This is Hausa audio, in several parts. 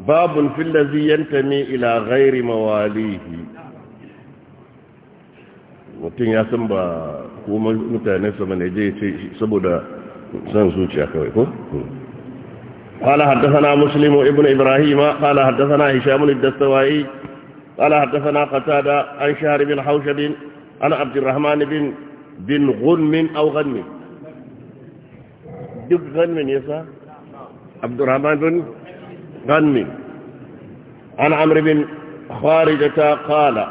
باب في الذي ينتمي إلى غير مواليه mutum ya san ba kuma mutane sama ne je ce saboda san zuciya kawai ko قال حدثنا مسلم ابن إبراهيم قال حدثنا هشام الدستوائي قال حدثنا قتادة عن شهر بن حوشب عن عبد الرحمن بن بن غنم أو غنم دب غنم يسا عبد الرحمن بن غنم عن عمرو بن خارجة قال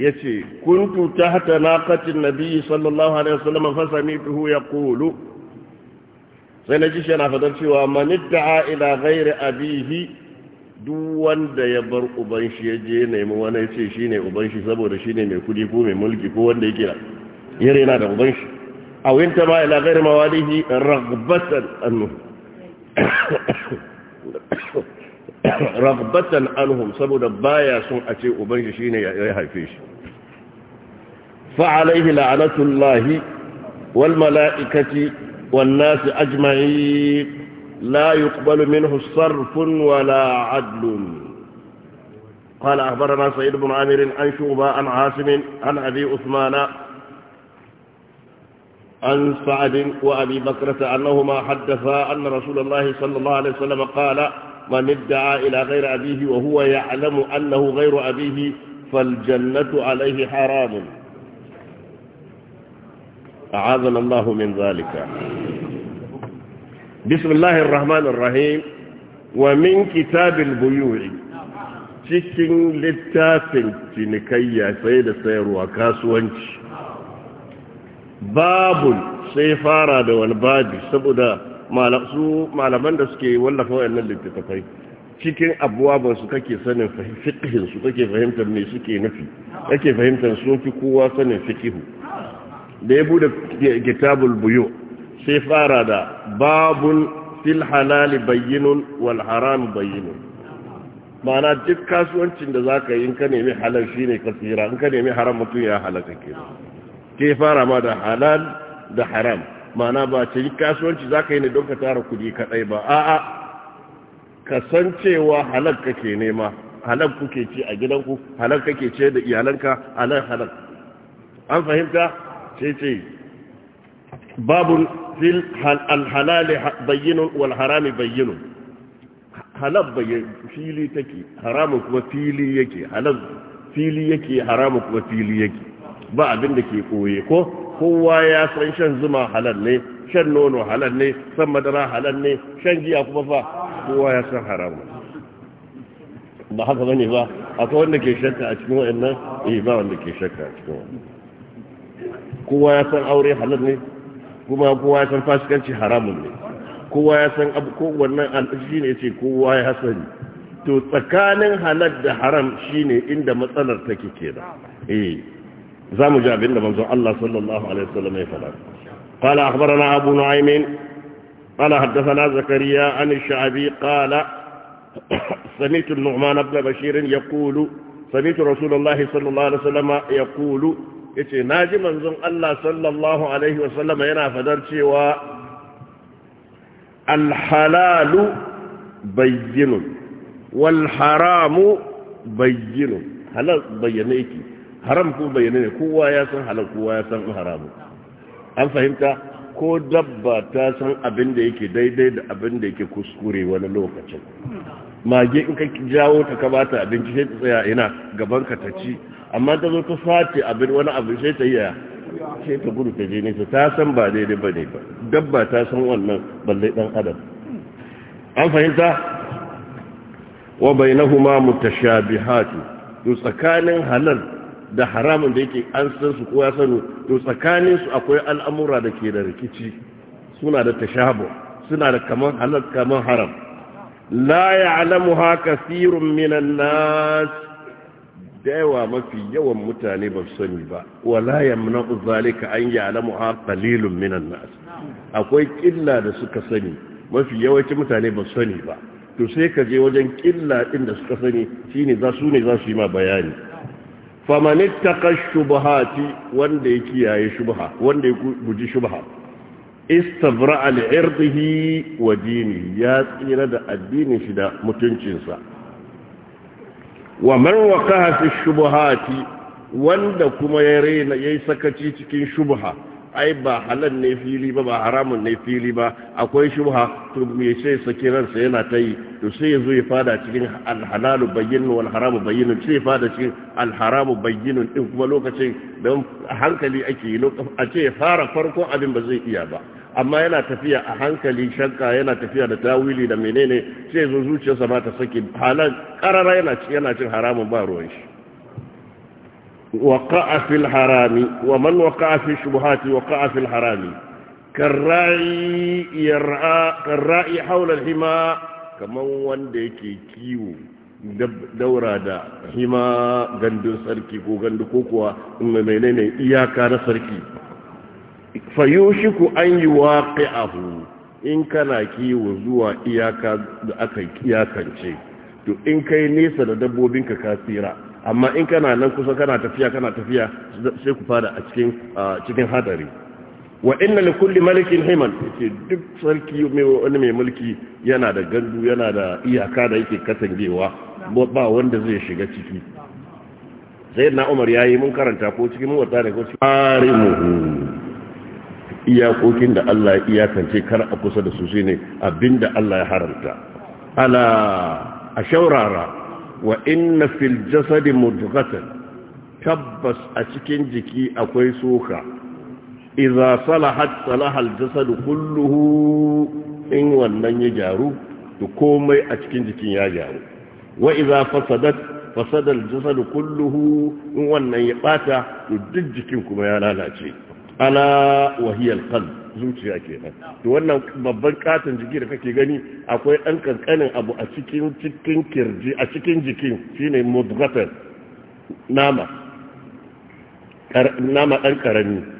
يسي كنت تحت ناقة النبي صلى الله عليه وسلم فسمعته يقول سنجيش أنا فدرسي ومن ادعى إلى غير أبيه duk wanda ya bar uban shi ya je nemi wani ce shi ne uban shi saboda shi ne mai kudi ko mai mulki ko wanda yake ya rena da uban shi a winta ma ila gairi mawalihi ragbatan annu رغبة عنهم سبب بايا سن أتي ce ubanshi shine فعليه لعنة الله والملائكة والناس أجمعين لا يقبل منه صرف ولا عدل قال أخبرنا سيد بن عامر عن شعبة عن عاصم عن أبي عثمان عن سعد وأبي بكرة أنهما حدثا أن رسول الله صلى الله عليه وسلم قال من ادعى إلى غير أبيه وهو يعلم أنه غير أبيه فالجنة عليه حرام أعاذنا الله من ذلك بسم الله الرحمن الرحيم ومن كتاب البيوع cikin littafin تنكيا سيد السير وكاس وانش babun sai fara da babi saboda su malaman da suke wallafa wayannan littattafai cikin abubuwan su kake sanin fiqhin su kake fahimtar me suke nufi kake fahimtar sun fi kowa sanin fiqhu da ya bude kitabul buyu sai fara da babun fil halal bayyinun wal haram bayyinun mana duk kasuwancin da zaka yi in ka nemi halal shine kasira in ka nemi haram mutum ya halaka kenan ke fara ma da halal da haram mana ba ce kasuwanci za ka yi ne don ka tara kudi kadai ba a'a ka san cewa halal kake nema halal kuke ci a gidanku halal kake ce da iyalanka halal halal an fahimta ce ce babun fil alhalali bayyinun wal harami bayyinun halal bayyin fili take haramun kuma fili yake halal fili yake haramun kuma fili yake ba abin da ke koye ko kowa ya san shan zuma halal ne shan nono halal ne san madara halal ne shan giya kuma fa kowa ya san haramu ba haka bane ba akwai wanda ke shakka a cikin wayannan eh ba wanda ke shakka a cikin kowa ya san aure halal ne kuma kowa ya san fasikanci haramun ne kowa ya san abu ko wannan al'ashi ne ce kowa ya sani to tsakanin halal da haram shine inda matsalar take kenan eh zamu ji abin da manzon Allah sallallahu alaihi wasallam ya faɗa قال أخبرنا أبو نعيم قال حدثنا zakariya عن الشعبي قال سمعت النعمان بن بشير يقول سمعت رسول الله صلى الله عليه وسلم yace na ji manzon Allah sallallahu alaihi wasallama yana fadar cewa halalu bayyinun wal haramu bayyinun halal bayyane yake haram ko bayyana ne kowa ya san halal kowa ya san haramu an fahimta ko dabba ta san abin da yake daidai da abin da yake kuskure wani lokacin mage in ka jawo ta ka bata abinci sai tsaya ina gaban ka ta ci amma ta zo ta sace abin wani abu sai ta yaya sai ta gudu ta je ne ta san ba daidai ba ne ba dabba ta san wannan balle dan adam an fahimta wa bainahuma mutashabihatu to tsakanin halal da haramun da yake an san su ko ya sani to tsakanin su akwai al'amura da ke da rikici suna da tashabu suna da kaman halal kaman haram la ha kathirun minan nas da mafi yawan mutane ba su sani ba wala yamna'u zalika an ha qalilun minan nas akwai killa da suka sani mafi yawancin mutane ba sani ba to sai ka je wajen killa din da suka sani shine za su ne za su yi ma bayani faman ittaqa shubahati wanda ya kiyaye shubha wanda ya guji shubha istabra'a li'irdihi wa dini ya tsira da addinin shi da mutuncinsa wa man waqaha fi shubuhati wanda kuma ya rena yayi sakaci cikin shubha ai ba halal ne fili ba ba haramun ne fili ba akwai shubha to me sai saki ransa yana ta yi to sai ya zo ya fada cikin alhalalu bayyinun wal haramu bayyinun sai ya fada cikin alharamu bayyinun din kuma lokacin don hankali ake yi a ce ya fara farkon abin ba zai iya ba amma yana tafiya a hankali shakka yana tafiya da tawili da menene sai ya zo zuciyarsa ba ta saki halal karara yana yana cin haramun ba ruwan shi waqa'a fil harami wa man waqa'a fi shubuhati waqa'a fil harami كالراعي يرعى كالراعي حول hima. kamar wanda yake kiwo daura da hima gandun sarki ko gandu ko kuwa menene iyaka na sarki fayushiku an yi waqi'ahu in kana kiwo zuwa iyaka da aka iyakance to in kai nesa da dabbobinka ka tsira amma in kana nan kusa kana tafiya kana tafiya sai ku fada a cikin cikin hadari wa inna li kulli malikin himan yace duk sarki mai wani mai mulki yana da gandu yana da iyaka da yake katangewa ba wanda zai shiga ciki na Umar yayi mun karanta ko cikin wata da ko cikin iyakokin da Allah ya iyakance kar a kusa da su shine abinda Allah ya haramta ala a shaurara wa inna fil jasadi mudghatan tabbas a cikin jiki akwai soka idza salahat salahal al kulluhu in wannan ya gyaru da komai a cikin jikin ya gyaru wa idza fasadat fasada al-jasad kulluhu in wannan ya bata da duk jikin kuma ya lalace ala wa qalb zuciya kenan to wannan babban katon jiki da kake gani akwai dan kankanin abu a cikin cikin kirji a cikin jikin shine mudghatan nama nama dan karami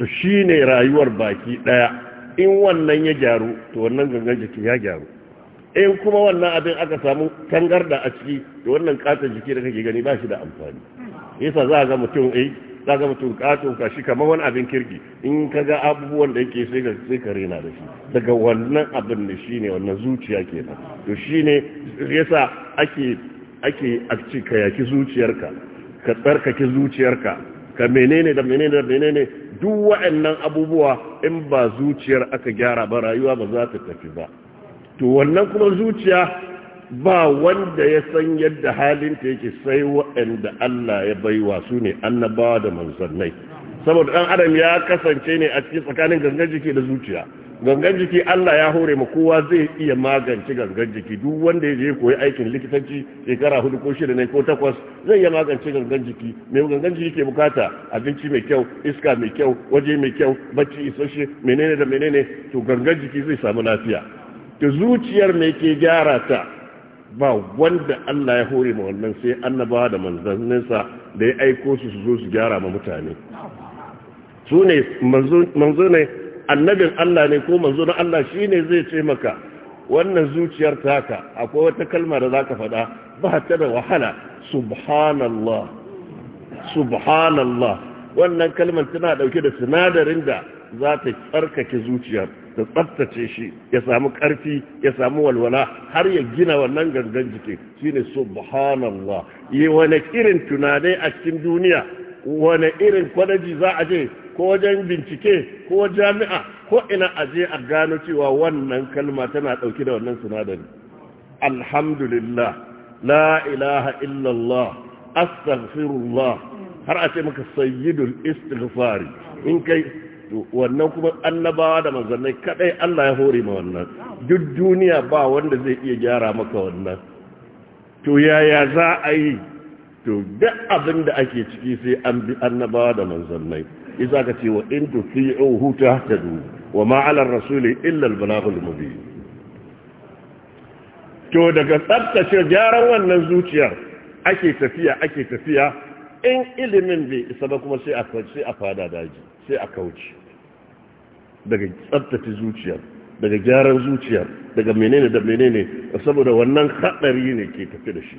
to shine rayuwar baki ɗaya in wannan ya gyaru to wannan gangan jiki ya gyaru in kuma wannan abin aka samu da a ciki da wannan katon jiki da kake gani ba shi da amfani yasa za ga mutum eh, za ga mutum katon shi kamar wani abin kirki in ka ga abubuwan da yake sai ka sai ka rena da shi daga wannan abin da shine wannan zuciya ke kenan to shine yasa ake ake a cika yaki zuciyarka ka tsarkake zuciyarka ka menene da menene da menene duk waɗannan abubuwa in ba zuciyar aka gyara ba rayuwa ba za ta tafi ba to wannan kuma zuciya ba wanda ya san yadda halin halinta yake sai waɗanda Allah ya baiwa su ne annabawa da manzannai saboda dan adam ya kasance ne a cikin tsakanin gangan jiki da zuciya gangan jiki Allah ya hore mu kowa zai iya magance gangan jiki duk wanda ya je koyi aikin likitanci shekara hudu ko shida ne ko takwas zai iya magance gangan jiki mai gangan jiki ke bukata abinci mai kyau iska mai kyau waje mai kyau bacci isasshe menene da menene to gangan jiki zai samu lafiya to zuciyar mai ke gyara ta ba wanda Allah ya hore ma wannan sai annabawa da manzanninsa da ya aiko su su zo su gyara ma mutane su ne manzo ne annabin Allah ne ko manzo na Allah shine zai ce maka wannan zuciyar taka akwai wata kalma da zaka faɗa ba ta da wahala subhanallah subhanallah wannan kalmar tana ɗauke da sinadarin da za ta tsarkake zuciyar ta tsaftace shi ya samu ƙarfi ya samu walwala har ya gina wannan gangan jiki shine subhanallah yi wane irin tunanai a cikin duniya wane irin kwadaji za a je ko wajen bincike ko jami'a ko ina a je a gano cewa wannan kalma tana ɗauki da wannan sinadari alhamdulillah la ilaha illallah astaghfirullah har a ce maka sayyidul istighfari in kai wannan kuma annabawa da manzannai kadai Allah ya hore ma wannan duk duniya ba wanda zai iya gyara maka wannan to yaya za a yi to duk abin da ake ciki sai an bi annabawa da manzannai isa ka ce wa in tuti'uhu tahtadu wa ma 'ala ar-rasuli illa al-balaghul mubin to daga tsaftace gyaran wannan zuciyar ake tafiya ake tafiya in ilimin bai isa ba kuma sai a sai a fada daji sai a kauce daga tsaftace zuciyar daga gyaran zuciyar daga menene da menene saboda wannan hadari ne ke tafi da shi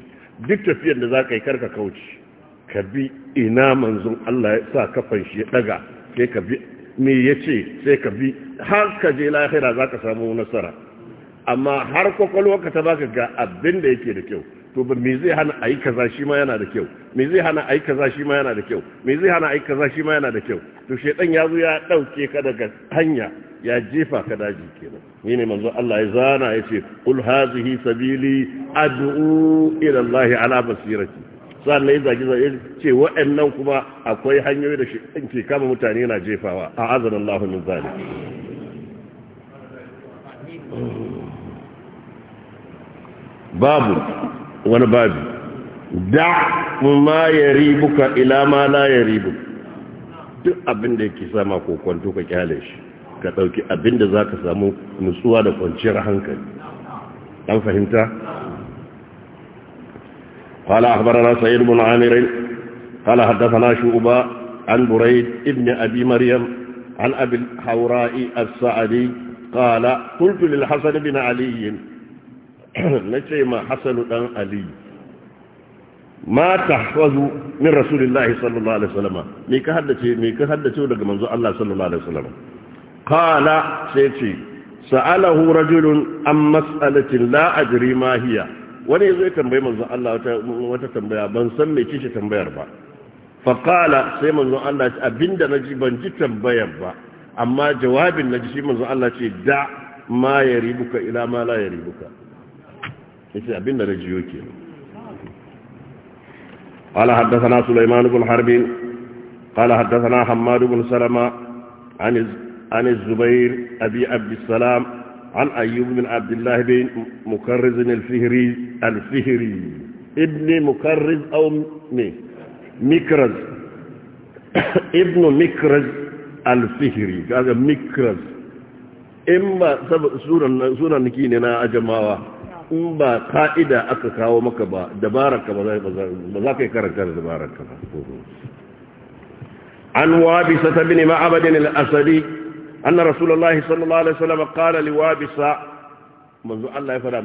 duk tafiyar da za ka yi karka kauce ka bi ina manzon Allah ya sa kafan shi ya daga sai ka bi me ya ce sai ka bi har ka je lahira za ka samu nasara amma har ka ta baka ga abin da yake da kyau to ba me zai hana ayi kaza shi ma yana da kyau me zai hana ayi kaza shi ma yana da kyau me zai hana ayi kaza shi ma yana da kyau to shedan ya zo ya dauke ka daga hanya ya jefa ka daji kenan ni ne manzo Allah ya zana ya ce kul hazihi sabili ad'u ila Allah ala basirati sannan ya zagi zagi ce wa'annan kuma akwai hanyoyi da shi ke kama mutane na jefawa a azan Allah min zalik babu wani babu da ma yaribuka ila ma la yaribu duk abin da yake sama ko kwanto ka kyale shi ka ɗauki abin da za ka samu nutsuwa da kwanciyar hankali an fahimta? kala akbarana sa'id bin amirin kala haddasa na shu'uba an burai ibn abi maryam an abin haura'i as-sa'adi kala kultu lil hasan bin aliyin na ce ma hasanu dan aliyu ma tahfazu min rasulillahi sallallahu alaihi wasallam me ka haddace me ka haddace daga manzo Allah sallallahu alaihi wasallam kala sai ce sa'alahu rajulun an mas'alatin la ajri ma hiya wani zai tambayi tambaye Allah wata tambaya ban san me kishi tambayar ba fa sai manzon Allah ce na ji ban ji tambayar ba amma jawabin na ji shi manzon Allah ce da ma ya ribuka ila ma la yaribuka yace abinda naji yo kenan قال حدثنا سليمان بن حرب قال حدثنا حماد بن سلمة عن عن الزبير أبي عبد السلام عن أيوب بن عبد الله بن مكرز الفهري الفهري ابن مكرز أو مكرز ابن مكرز الفهري هذا مكرز إما سورة سورة نكيني نا أجمعها in ba ka'ida aka kawo maka ba dabararka ba za ka yi karanta da dabararka ba an wabi sata bin ma'abadin al'asari anna rasulullahi sallallahu alaihi wasallam qala liwabisa manzo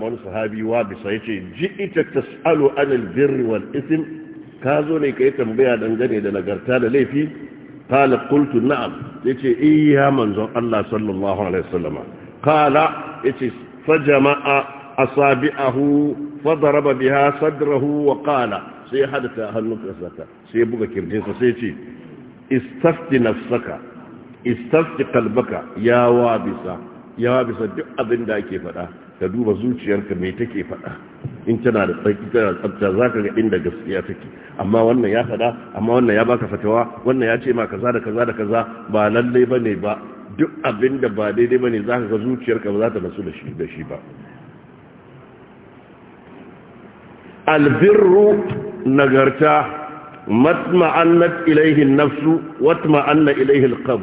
wani sahabi wabisa yace ji'ita tas'alu anil birri wal isim ka zo ne kai tambaya dangane da nagarta da laifi qala qultu na'am yace eh ya manzo Allah sallallahu alaihi wasallam qala yace fajama'a asabi'ahu fadaraba biha sadrahu wa qala sai hadata hannunka buga kirjinsa sai ce istafti istafti kalbaka ya wabisa ya bisa duk abin da ake faɗa ka duba zuciyarka mai take faɗa in tana da tsarki tana tsabta za ka ga inda gaskiya take amma wannan ya faɗa amma wannan ya baka fatawa wannan ya ce ma kaza da kaza da kaza ba lallai ba ne ba duk abin da ba daidai ba ne za ka ga zuciyarka ba za ta nasu da shi da shi ba albirru nagarta matma'annat ilaihi nafsu watma'anna ilaihi alqalb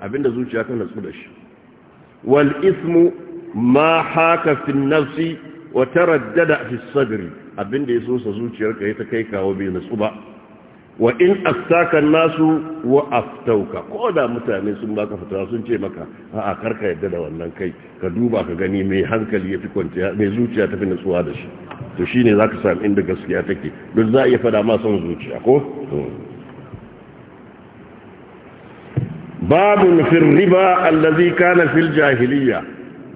abinda zuciya ta natsu da shi wal ismu ma haka fi nafsi wa taraddada fi sadri abinda yaso sa zuciyarka ya ta kai kawo bai natsu ba wa in astaka nasu wa aftauka ko da mutane sun baka fita sun ce maka a'a karka yadda da wannan kai ka duba ka gani mai hankali ya fi kwanciya mai zuciya ta fi nutsuwa da shi to shi ne za ka sami inda gaskiya take duk za a iya fada ma son zuciya ko babu nufin riba allazi kana fil jahiliya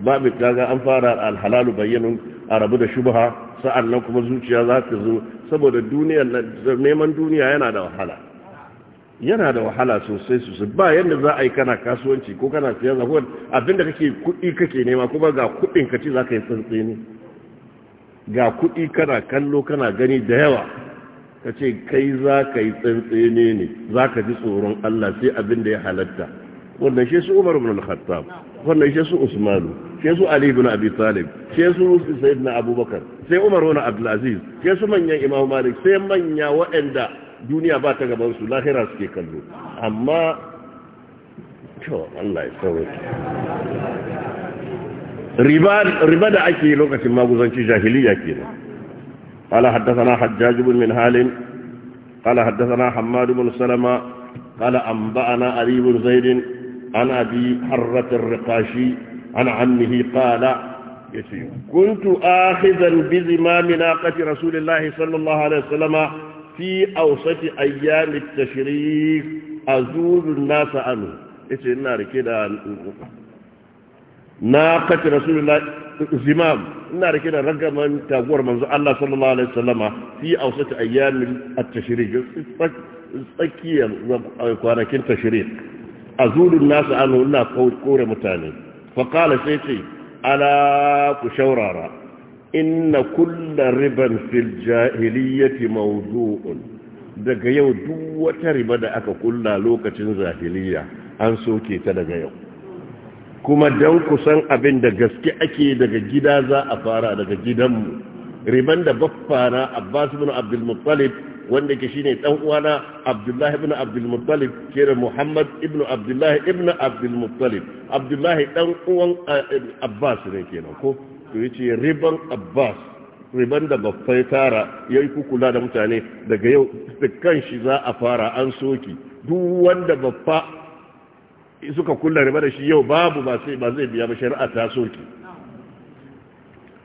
babu kaga an fara alhalalu bayyana. a rabu da shubha sa'an nan kuma zuciya za ta zo saboda duniyar neman duniya yana da wahala yana da wahala sosai sosai ba yadda za a yi kana kasuwanci ko kana siya zafi abinda kake kuɗi kake nema kuma ga kuɗin ka ce za ka yi tsantsi ga kuɗi kana kallo kana gani da yawa ka ce kai za ka yi tsantsi ne ne za ka ji tsoron Allah sai abinda ya halatta wannan shi su Umar ibn al-Khattab wannan shi su usmanu shi su ali ibn abi talib shi su sayyidina abubakar sai umar ibn abdul aziz shi su manyan imamu malik sai manya waɗanda duniya ba ta gaban su lahira suke kallo amma to Allah ya sauke riba riba da ake lokacin maguzanci jahiliya kenan قال حدثنا حجاج بن من هال قال حدثنا حماد بن سلمة قال أنبأنا علي بن زيد عن أبي حرة الرقاشي عن عمه قال كنت آخذا بزمام ناقة رسول الله صلى الله عليه وسلم في أوسط أيام التشريق أزور الناس عنه إيش النار كده ناقة رسول الله زمام النار كده رقم تابور من الله صلى الله عليه وسلم في أوسط أيام التشريق تسكي كنت تشريق azulun nasu anu ina kore mutane faƙala sai ce ala ku shaurara inna kulla riban fil jahiliyyati mawdu'un daga yau duk wata riba da aka kulla lokacin jahiliyya an soke ta daga yau kuma don kusan abin da gaske ake daga gida za a fara daga gidanmu riban da baffana abbas bin abdul muttalib wanda ke shine dan uwana Abdullah ibn Abdul Muttalib kira Muhammad ibn Abdullah ibn Abdul Muttalib Abdullah dan uwan eh, Abbas ne kenan ko to yace riban Abbas riban da babbai tara yayi kukula da mutane daga yau dukkan shi za a fara an soki duk wanda baffa suka kulla riba da shi yau babu ba sai ba zai biya ba shari'a ta soki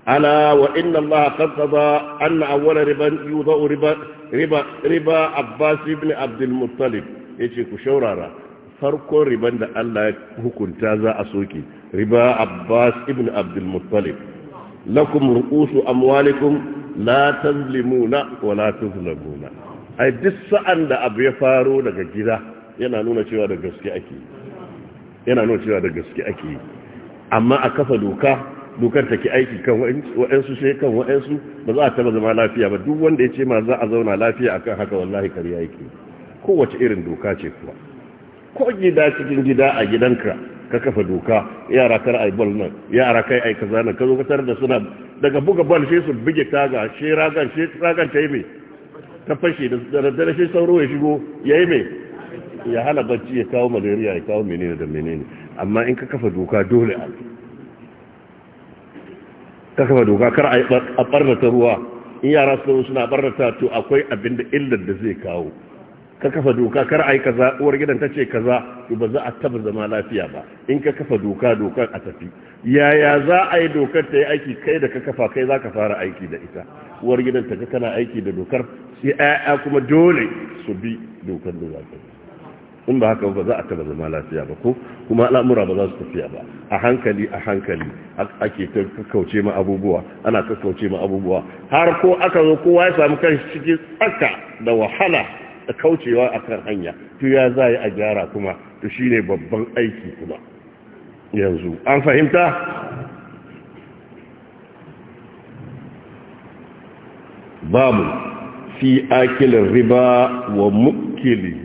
ألا وإن الله قصد أن أول ربا يوضع ربا ربا ربا عباس بن عبد المطلب يجي كشورارا farko riban da Allah ya hukunta za a soke riba Abbas ibn Abdul Muttalib lakum ru'usu amwalikum la tazlimuna wa la tuzlamuna duk sa'an da abu ya faro daga gida yana nuna cewa da gaske ake yana nuna cewa da gaske ake amma a kafa doka dokar take aiki kan wa'ansu sai kan wa'ansu ba za a taba zama lafiya ba duk wanda ya ce ma za a zauna lafiya akan haka wallahi ya yake kowace irin doka ce kuma ko gida cikin gida a gidanka ka kafa doka yara kar ai bal nan yara kai ai kaza nan ka zo ka da suna daga buga bal sai su bige taga sai ragan sai ragan ta yi mai ta fashe da daddare sai sauro ya shigo ya yi mai ya hana bacci ya kawo malaria ya kawo menene da menene amma in ka kafa doka dole a ta kafa doka kar a barnata ruwa in yara su suna barnata to akwai abin da illar da zai kawo ka kafa doka kar a yi kaza uwar gidan ta ce kaza to ba za a taba zama lafiya ba in ka kafa doka dokar a tafi yaya za a yi dokar ta yi aiki kai da ka kafa kai za ka fara aiki da ita uwar gidan ta ga tana aiki da dokar sai 'ya'ya kuma dole su bi dokar da za ta yi in ba haka ba za a taba zama lafiya ba ko kuma al'amura ba za su tafiya ba a hankali a hankali ake ta kakkauce ma abubuwa ana kauce ma abubuwa har ko aka zo kowa ya samu kan cikin tsaka da wahala da kaucewa a kan hanya to ya za a gyara kuma to shi ne babban aiki kuma yanzu an fahimta babu fi akilin riba wa mukilin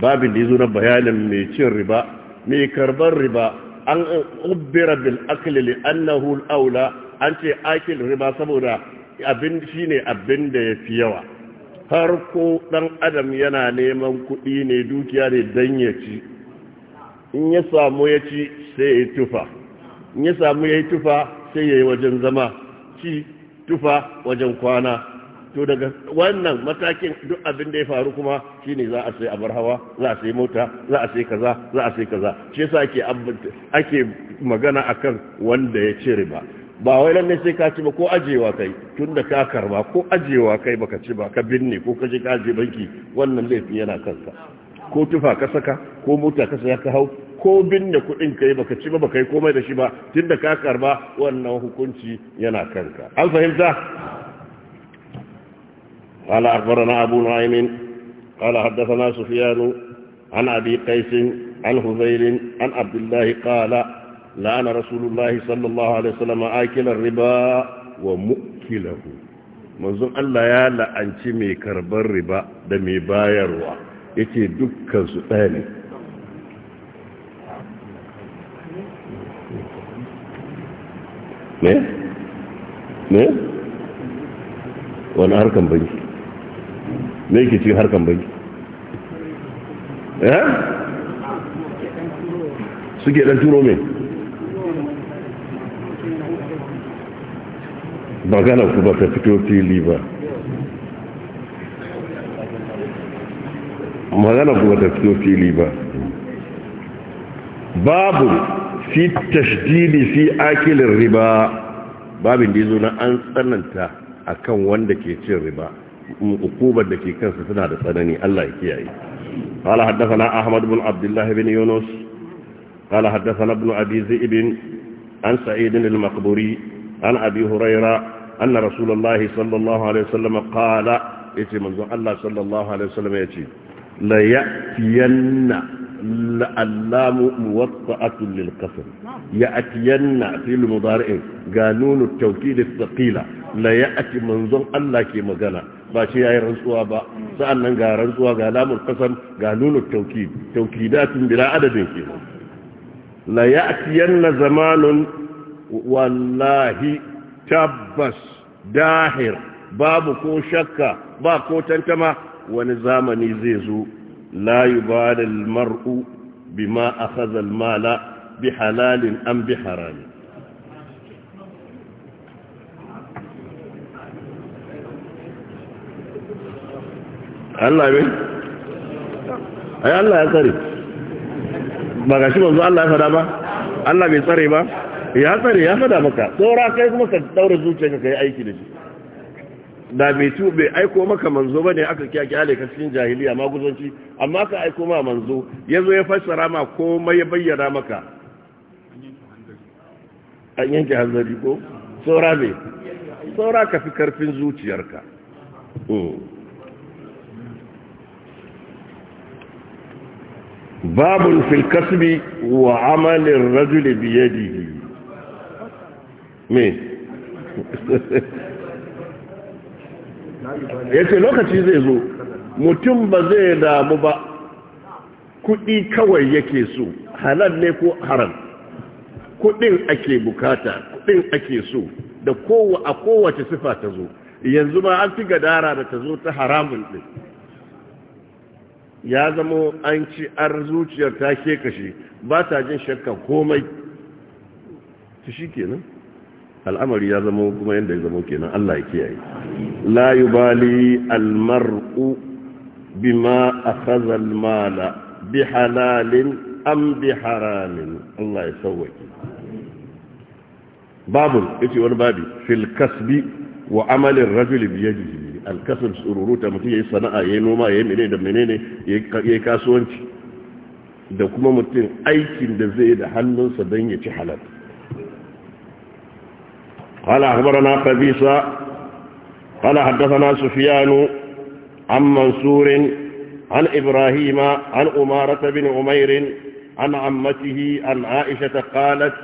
babin da ya zo na bayanin mai cin riba mai karbar riba an ubbira bil akli li annahu aula an ce akil riba saboda abin shine abin da ya fi yawa har ko dan adam yana neman kuɗi ne dukiya ne dan ya ci in ya samu ya ci sai ya tufa in ya samu ya tufa sai ya yi wajen zama ci tufa wajen kwana to daga wannan matakin duk abin da ya faru kuma shine za a sai abar hawa za a sai mota za a sai kaza za a sai kaza shi yasa ake ake magana akan wanda ya ci riba ba wai lalle sai ka ci ba ko ajewa kai tunda ka karba ko ajewa kai baka ci ba ka binne ko ka je ka je banki wannan laifi yana kanka ko tufa ka saka ko mota ka saya ka hau ko binne kuɗin kai baka ci ba baka yi komai da shi ba tunda ka karba wannan hukunci yana kanka an fahimta قال أخبرنا أبو نعيم قال حدثنا سفيان عن أبي قيس عن هذيل عن عبد الله قال لأن رسول الله صلى الله عليه وسلم آكل الربا ومؤكله منظر Allah ya la'anci mai الربا دمي da إتي bayarwa yace dukkan su ɗaya ne me me yake cikin harkan banki eh suke dan turo me gana ku ba ta fito fili ba magana ku ba ta fito fili ba babu fi tashdidi fi akilin riba babin da zo na an tsananta a kan wanda ke cin riba hukubar da ke kansa suna da tsanani Allah ya kiyaye qala haddathana ahmad ibn abdullah ibn yunus qala haddathana ibn abi zaid an sa'id al an abi hurayra anna rasulullah sallallahu alaihi wasallam qala yace manzo Allah sallallahu alaihi wasallam yace la ya'tiyanna la'allamu muwatta'atun lil-qasr ya'tiyanna fil mudari'i qanunut tawkid ath-thaqila la ya'ti manzo Allah ke magana ba ce yi rantsuwa ba sa'an nan ga rantsuwa ga lamun kasan ga nunu tauki taukidatun bila adadin ke la ya'tiyanna zamanin wallahi tabbas dahir babu ko shakka ba ko tantama wani zamani zai zo layu bada mar'u bima akhadha al-mala bi halalin an bi haramin Allah ne ai Allah ya tsare ba ga shi manzo Allah ya fada ba Allah bai tsare ba ya tsare ya fada maka tsora kai kuma ka daura zuciyarka kai aiki da shi da bai tu bai aiko maka manzo bane aka kiya kyale ka cikin jahiliya ma guzanci amma ka aiko ma manzo yazo ya fassara ma komai ya bayyana maka an yanke hanzari ko tsora me tsora ka fi karfin zuciyarka hmm. Babu fil kasbi wa amalin rajuli biyadihi me lokaci zai zo mutum ba zai damu ba kudi kawai yake so halal ne ko haram kudin ake bukata kudin ake so da a kowace sifa ta zo yanzu ma an fi gadara da ta zo ta haramun din ya zama an ci an zuciyar ta ke kashe ba ta jin shakka komai ta shi kenan al'amari ya zama kuma yadda ya zama kenan Allah ya kiyaye la bali almar'u bima bi halalin an am haramin Allah ya sauwaki babu yace wani babi fil kasbi wa amalin rajuli biyadihi alkasar tsururuta mutum ya yi sana'a ya yi noma ya yi mene da mene ya yi kasuwanci da kuma mutum aikin da zai da hannunsa dan ya ci halar ƙala akwabar na ƙabisa ƙala haddasa na sufiyanu an mansurin an ibrahima an umarata bin umairin an ammatihi an aisha ta ƙalat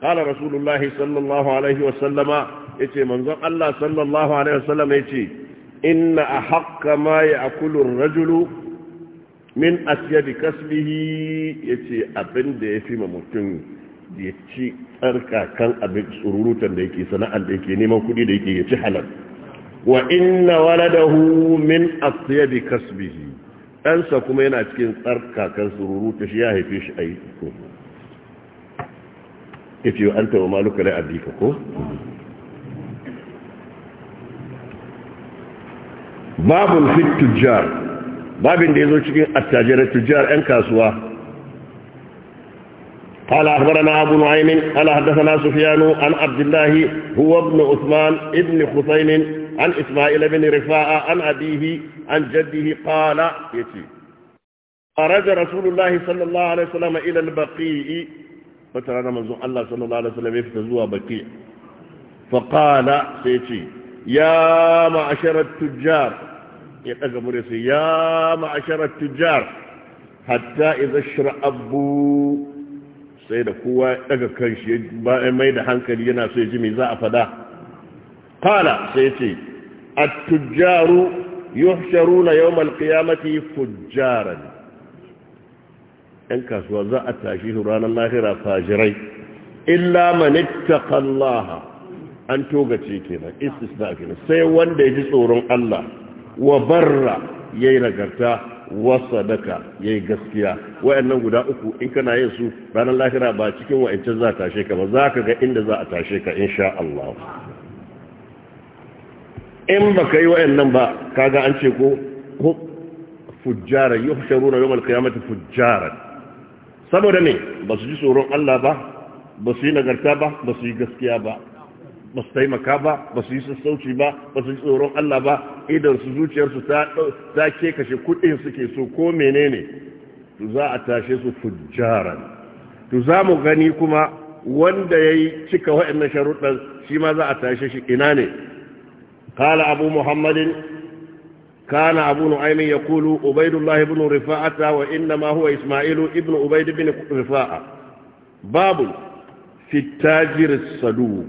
ƙala rasulullahi sallallahu alaihi wasallama ya ce manzon Allah sallallahu Alaihi wasallama ya ce inna a haƙƙa ma ya akulun rajulu min asiyadi kasbihi ya ce abin da ya fi ma mutum ya ci tsarkakan abin tsururutan da yake sana'ar da yake neman kuɗi da yake ya ci halar wa inna waladahu min asiyadi kasbihi ɗansa kuma yana cikin tsarkakan tsururuta shi ya haife shi a yi ko ya ce an taɓa malukalai abika ko باب في التجار باب da yazo cikin attajirai tujjar ɗan قال أخبرنا أبو نعيم قال حدثنا سفيان عن عبد الله هو ابن عثمان ابن خثيم عن إسماعيل بن رفاعة عن أبيه عن جده قال يتي خرج رسول الله صلى الله عليه وسلم إلى البقيع فترى الله صلى الله عليه وسلم يفتزوا بقيع فقال سيتي يا معشر التجار يتقبل يسي يا معشر التجار حتى إذا أبو سيدة قوة أغكنش ما يدحن ينا سيجمي ذا أفدا قال سيتي التجار يحشرون يوم القيامة فجارا إن كسوة ذا أتاشيه رانا الله فاجري إلا من اتقى الله an togace kenan istisna kenan sai wanda ya ji tsoron Allah wa barra yayi nagarta wa sadaka yayi gaskiya wayannan guda uku in kana yin su ranar lahira ba cikin wa'ancan za tashe ka ba za ka ga inda za a tashe ka insha Allah in ba ka yi wayannan ba kaga an ce ko fujjaran yuhsharuna yawmal qiyamati fujjara saboda ne ba su ji tsoron Allah ba ba su yi nagarta ba ba su yi gaskiya ba ba su taimaka ba ba su yi sassauci ba ba su yi tsoron Allah ba idan su zuciyarsu ta ke kashe kudin suke so ko menene to za a tashe su fujjaran to za mu gani kuma wanda ya yi cika waɗannan sharuɗan shi ma za a tashe shi ina ne kala abu muhammadin كان أبو نعيم يقول ibn الله بن رفاعة وإنما هو إسماعيل Isma'ilu? Ibn Ubaidu رفاعة باب Babu التاجر الصدوق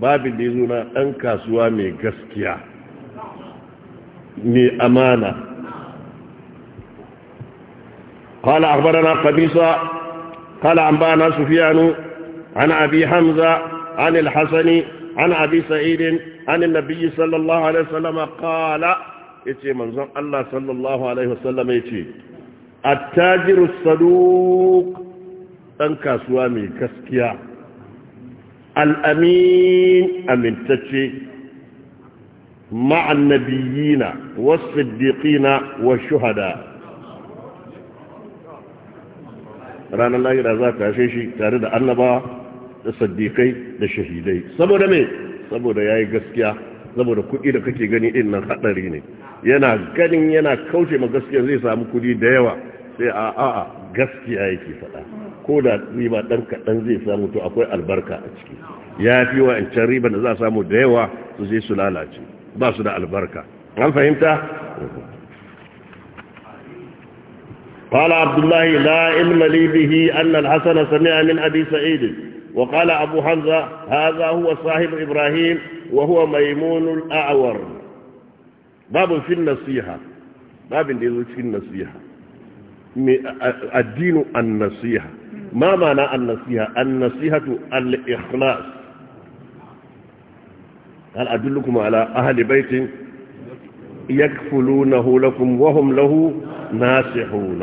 babin da ya zuna ɗan kasuwa mai gaskiya mai amana kala akbarana kabisa kala an ba na sufiyanu an abi hamza an ilhassani an abi sa'idin an ilnabiyi sallallahu alaihi wasallama kala ya ce manzon allah sallallahu alaihi wasallama ya ce attajirus saduk ɗan kasuwa mai gaskiya al'amin amintacce ma'an nabiyina wasu diƙina wa shuhada ranar lahira za ta shi tare da annaba da saddiƙai da shahidai saboda me saboda ya yi gaskiya saboda kuɗi da kake gani ɗin nan haɗari ne yana ganin yana kauce ma gaskiya zai samu kuɗi da yawa sai a a gaskiya yake faɗa ko da riba ɗan kaɗan zai samu to akwai albarka a ciki ya fi riba da za a samu da yawa su zai su lalace ba su da albarka an fahimta? ƙwala abdullahi la’im lalibihi annal hasana sami'a min abi sa'idi wa ƙwala abu hanza haza huwa sahib ibrahim wa huwa maimunul a'awar fin nasiha babin da ya zo cikin nasiha addinu an nasiha ما معنى النصيحة النصيحة الإخلاص هل أدلكم على أهل بيت يكفلونه لكم وهم له ناسحون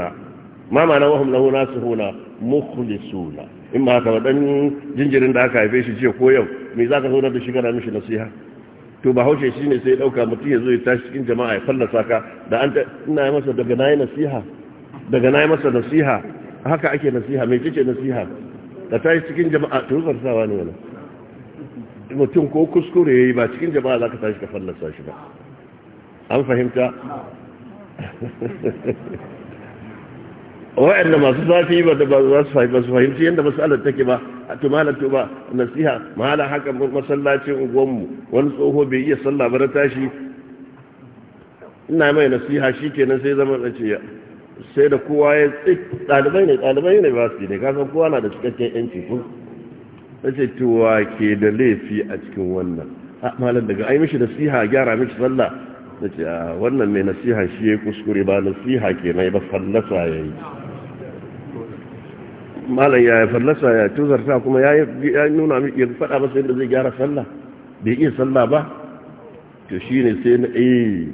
ما معنى وهم له ناسحون مخلصون in ba haka dan jinjirin da aka haife shi ce ko yau me za ka zo da shi kana mishi nasiha to ba haushe shi ne sai ɗauka mutum ya zo ya tashi cikin jama'a ya fallasa ka da an ina masa daga na yi nasiha daga na yi masa nasiha haka ake nasiha mai kike nasiha da ta yi cikin jama'a ta to zartawa ne wani. mutum ko kuskure ya yi ba cikin jama'a za ka tashi ka fallasa shi ba an fahimta wa'anda masu zafi ba da za su fahimci yadda masalar take ba a tumalatu ba nasiha mahala haka masallacin unguwanmu wani tsoho bai iya sallah ba na tashi ina mai nasiha shi kenan sai zama tsaciya sai da kowa ya tsik ɗalibai ne ɗalibai ne ba su ne kasan kowa na da cikakken yanci kun ta ce tuwa ke da laifi a cikin wannan a ah, malar daga ai mishi nasiha gyara mishi sallah ta ce a ah, wannan mai nasiha shi ya kuskure ba nasiha ke mai ba fallasa ya yi malar ya fallasa ya tuzarta kuma ya nuna ya faɗa sai da zai gyara sallah bai iya sallah ba to shi ne sai na eh,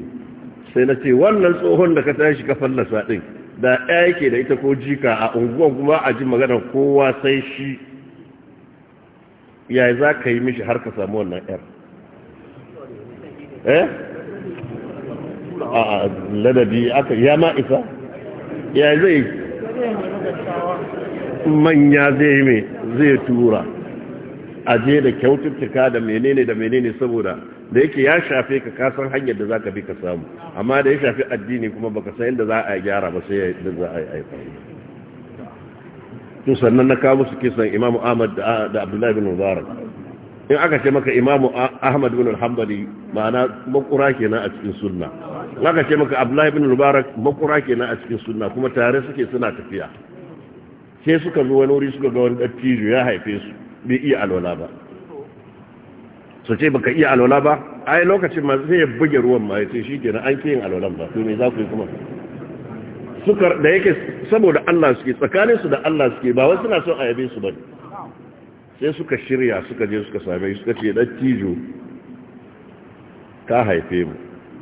sai na ce wannan tsohon da ka tashi ka fallasa ɗin da ɗaya yake da ita ko jika a unguwan kuma a ji magana kowa sai shi yaya za ka yi mishi har ka samu wannan yar eh a ladabi aka ya ma isa ya zai manya zai yi mai zai tura A je da kyaututtuka da menene da menene saboda da yake ya shafe ka kasan hanyar da za ka bi ka samu amma da ya shafe addini kuma baka san yadda za a gyara ba sai yadda za a yi aiki tun sannan na kawo su kisan Imam Ahmad da abdullahi bin Mubarak in aka ce maka Imam Ahmad bin Hanbali ma'ana makura kenan a cikin sunna aka ce maka abdullahi bin Mubarak makura kenan a cikin sunna kuma tare suke suna tafiya sai suka zo wani wuri suka ga wani dattijo ya haife su bai iya alwala ba su ce baka iya alwala ba yi lokacin ma sai ya buge ruwan ma ke na an kiyin alwalan ba to me za ku yi kuma suka da yake saboda Allah suke tsakanin su da Allah suke ba wasu na son a yabe su ba sai suka shirya suka je suka same shi suka ce dan tijo ka haife mu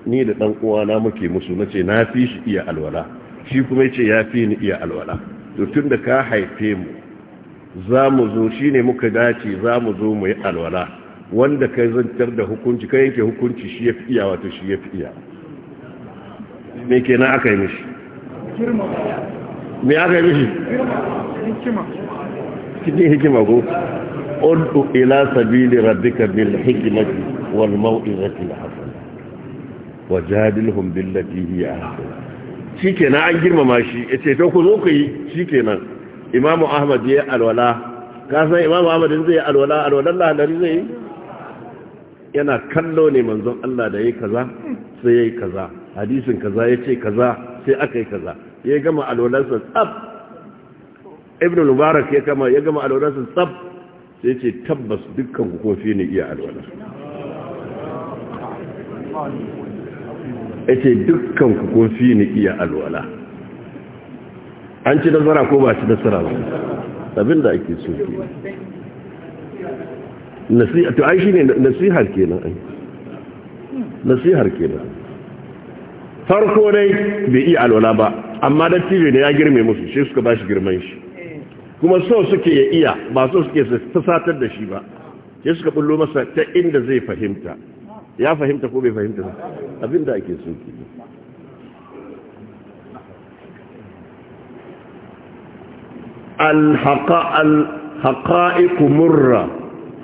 ni da dan uwa na muke musu na ce na fi shi iya alwala shi kuma ce ya fi ni iya alwala to tun da ka haife mu za mu zo shi ne muka dace za mu zo mu yi alwala wanda kai zantar da hukunci kai yanke hukunci shi ya fi iya wato shi ya fi iya me kenan aka yi mishi me aka yi mishi cikin hikima ko ordu ila sabili rabbika bil hikmati wal mau'izati al hasana wajadilhum billati hiya ahsan shikenan an girmama shi yace to ku zo ku yi shikenan imamu ahmad ya alwala ka san imamu ahmad zai alwala alwala Allah da zai yi yana kallo ne manzon Allah da yayi kaza sai yayi kaza hadisin kaza yace kaza sai aka yi kaza ya gama alwalansa tsab ibn mubarak ya kama ya gama alwalansa tsab sai ce tabbas dukkan ku ne iya ya ce dukkan ku ne iya alwala an ci nasara ko ba ci nasara ba abinda ake so ke نصيحة تعيشيني يعني نصيحة الكينا نصيحة الكينا فرقوني بإي على الولابا أما دا تيجي نيا جرمي موسي شيسكو باش جرميش كما سو سكي إيا ما سو سكي سساتر دشيبا شيسكو بلو مسا تأين دزي فهمتا يا فهمتا كو بي فهمتا أبين دا إكي سوكي الحقائق مره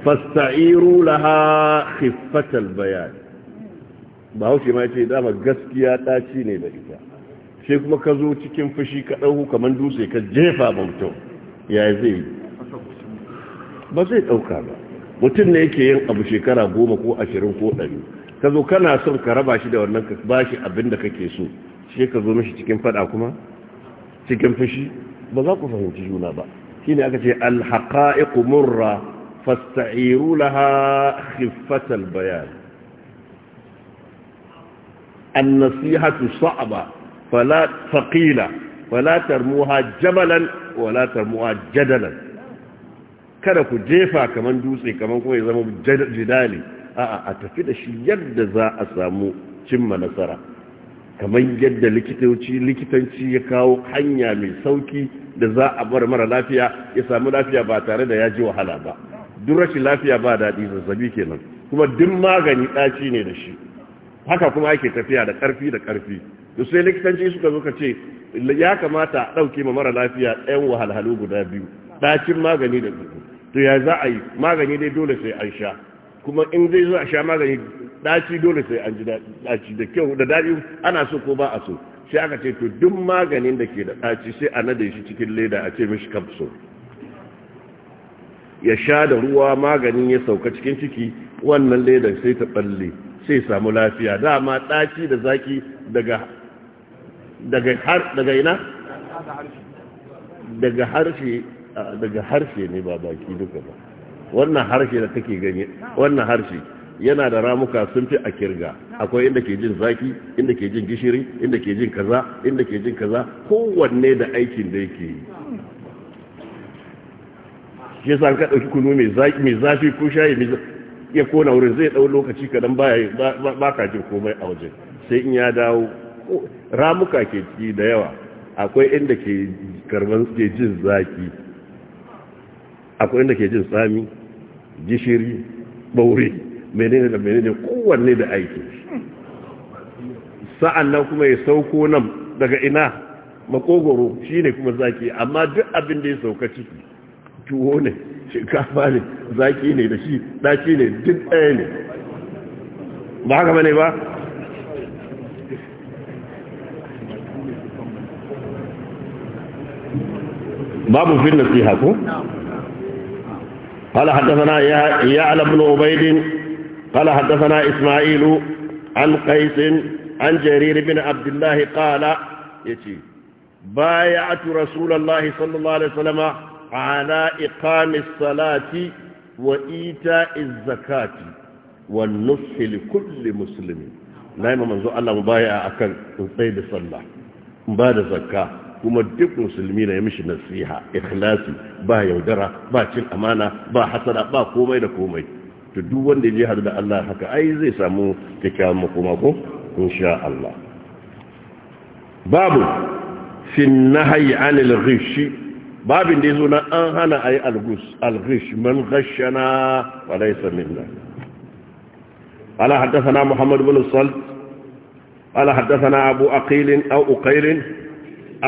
fasta'iru laha khiffatal bayan ba ma ce dama gaskiya ɗaci ne da ita sai kuma ka zo cikin fushi ka ɗauku kamar dutse ka jefa mutum. ya zai ba zai ɗauka ba mutum ne yake yin abu shekara goma ko ashirin ko ɗari ka zo kana son ka raba shi da wannan ka ba shi abin da kake so shi ka zo mishi cikin faɗa kuma cikin fushi ba za ku fahimci juna ba Shi ne aka ce alhaqa'iqu murra fasta'iru laha khiffatal bayan annasihatu sa'aba fala faqila fala tarmuha jabalan wala tarmuha jadalan kada ku jefa kaman dutse kaman kuma ya zama jidali a'a a tafi da shi yadda za a samu cimma nasara kamar yadda likitoci likitanci ya kawo hanya mai sauki da za a bar mara lafiya ya samu lafiya ba tare da ya ji wahala ba duk rashin lafiya ba daɗi zazzabi kenan kuma duk magani ɗaci ne da shi haka kuma ake tafiya da ƙarfi da ƙarfi da sai likitanci suka zo ka ce ya kamata a ɗauke ma mara lafiya ɗayan wahalhalu guda biyu ɗacin magani da biyu to ya za a yi magani dai dole sai an sha kuma in zai zo a sha magani ɗaci dole sai an ji ɗaci da kyau da daɗi ana so ko ba a so sai aka ce to duk maganin da ke da ɗaci sai a nade shi cikin leda a ce mishi capsule ya sha da ruwa maganin ya sauka cikin ciki wannan ledar sai ta balle sai samu lafiya dama ɗaci da zaki daga daga har daga ina daga harshe daga harshe ne ba baki duka ba wannan harshe da take ganye wannan harshe yana da ramuka sun fi a kirga akwai inda ke jin zaki inda ke jin gishiri inda ke jin kaza inda ke jin kaza kowanne da aikin da yake yi shi sa ka dauki kunu mai zaki mai zafi ko shayi mai ya kona wurin zai dau lokaci kadan baya ba ka jin komai a wajen sai in ya dawo ramuka ke ci da yawa akwai inda ke karban ke jin zaki akwai inda ke jin tsami gishiri bauri menene da menene kowanne da aiki sa'an nan kuma ya sauko nan daga ina makogoro shine kuma zaki amma duk abin da ya sauka ciki tuwo ne shinkafa ne zaki ne da shi daki ne duk ɗaya ne ba haka bane ba babu fi nasiha ko قال حدثنا يا يعلى بن عبيد قال حدثنا إسماعيل عن قيس عن جرير بن عبد الله قال يتي بايعت رسول الله صلى الله عليه وسلم على إقام الصلاة وإيتاء الزكاة والنصح لكل مسلم نايم منذ الله مبايع أكن سيد صلى مبادة زكاة kuma duk musulmi na ya mishi nasiha ikhlasi ba yaudara ba cin amana ba hasara ba komai da komai to duk wanda ya hadu da Allah haka ai zai samu kyakkyawan makoma ko insha Allah babu fi nahyi anil ghishi babin da yazo na an hana ayi algus alghish man ghashana wa laysa minna qala hadathana muhammad ibn salt qala hadathana abu aqil aw uqail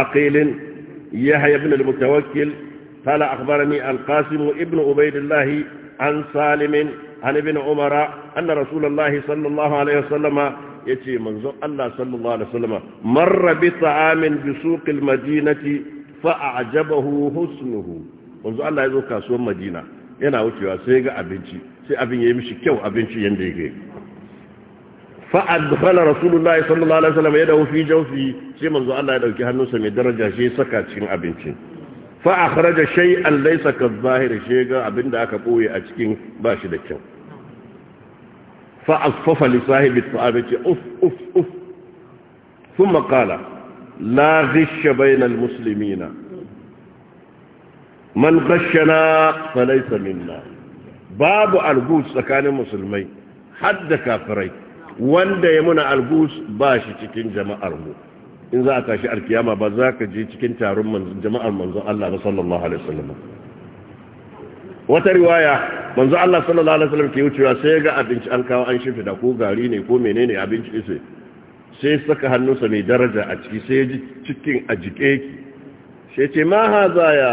aqil yahya ibn al-mutawakkil قال أخبرني القاسم ابن عبيد الله عن سالم عن ابن عمر أن رسول الله صلى الله عليه وسلم يتي منظر الله صلى الله عليه وسلم مر بطعام بسوق المدينة fa'ajabahu husnuhu wanzu Allah ya zo kasuwar Madina yana wucewa sai ga abinci sai abin yayi mishi kyau abinci yanda yake fa'adkhala rasulullahi sallallahu alaihi wasallam yadahu fi jawfi sai manzo Allah ya dauki hannunsa mai daraja shi saka cikin abincin fa akhraja shay'an laysa ka zahir shi ga abinda aka boye a cikin bashi da kyau fa asfafa li sahibi at-ta'am uf uf uf thumma qala la ghisha bainal muslimina man ghashana falaysa minna babu algus tsakanin musulmai hadda kafirai wanda ya muna algus ba shi cikin jama'ar mu in za a tashi alkiyama ba za ka je cikin taron jama'ar manzon Allah ba sallallahu alaihi wasallam wata riwaya manzo Allah sallallahu alaihi wasallam ke wucewa sai ga abinci an kawo an shimfida ko gari ne ko menene abinci ise sai saka hannunsa mai daraja a ciki sai ji cikin a jike ki sai ce ma za ya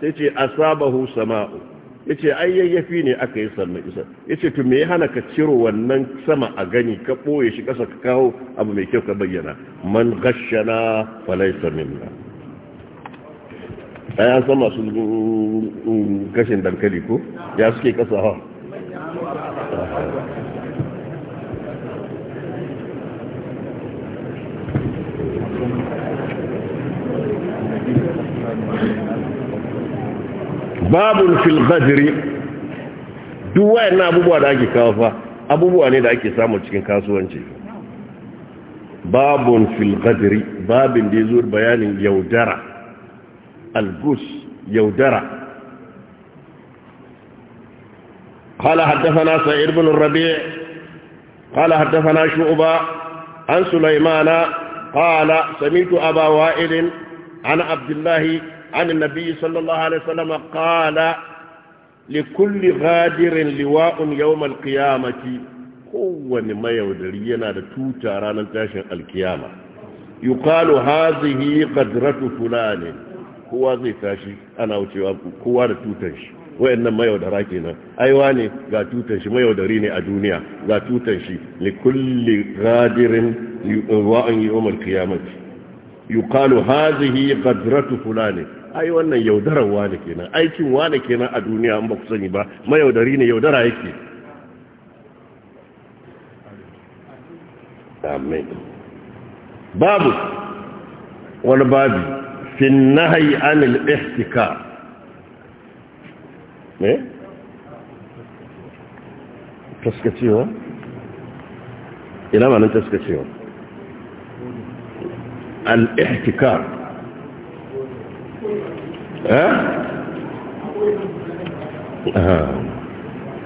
sai ce a asabahu sama'u yace ce ayyayyafi ne aka yi sannan isa yace to me ya hana ka ciro wannan sama a gani ka ɓoye shi ƙasa ka kawo abu mai kyau ka bayyana man ghashana falai minna a an sama su gashin dankali ko ya suke ƙasa ha babun fil gajiri na abubuwa da ake kawo fa abubuwa ne da ake samu cikin kasuwanci babun fil babin da ya bayanin yaudara algus yaudara kala haddafana sa’ir bin rabe kala haddafana shu’uba an sulaimana kala samitu abawa irin an abdullahi عن النبي صلى الله عليه وسلم قال لكل غادر لواء يوم القيامة هو ما يودرينا لتوتا رانا تاشن القيامة يقال هذه غدرة فلان هو ذي تاشي أنا وتيوابكو هو لتوتنش wayannan mayaudara kenan aiwa ne ga tutan shi mayaudari ne a duniya ga tutan shi li kulli ghadirin wa'an fulani ai wannan yaudarar wane kenan aikin wane kenan a duniya an ba ku sani ba mayaudari ne yaudara yake amin babu wani babu fin nahayi anil ihtika ne? taskacewa? ina ma nan taskacewa al-ihtikar Eh?